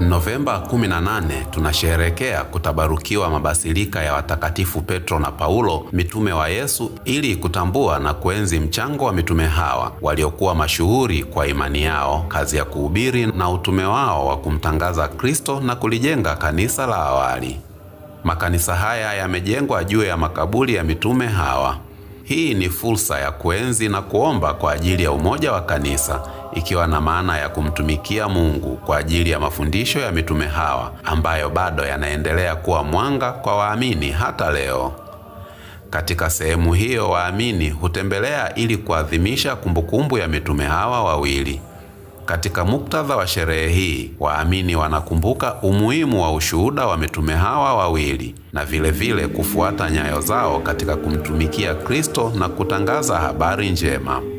Novemba 18 tunasherekea kutabarukiwa mabasilika ya watakatifu Petro na Paulo mitume wa Yesu ili kutambua na kuenzi mchango wa mitume hawa waliokuwa mashuhuri kwa imani yao, kazi ya kuhubiri na utume wao wa kumtangaza Kristo na kulijenga kanisa la awali. Makanisa haya yamejengwa juu ya makaburi ya mitume hawa. Hii ni fursa ya kuenzi na kuomba kwa ajili ya umoja wa kanisa ikiwa na maana ya kumtumikia Mungu kwa ajili ya mafundisho ya mitume hawa ambayo bado yanaendelea kuwa mwanga kwa waamini hata leo. Katika sehemu hiyo waamini hutembelea ili kuadhimisha kumbukumbu ya mitume hawa wawili. Katika muktadha wa sherehe hii, waamini wanakumbuka umuhimu wa ushuhuda wa mitume hawa wawili na vilevile vile kufuata nyayo zao katika kumtumikia Kristo na kutangaza habari njema.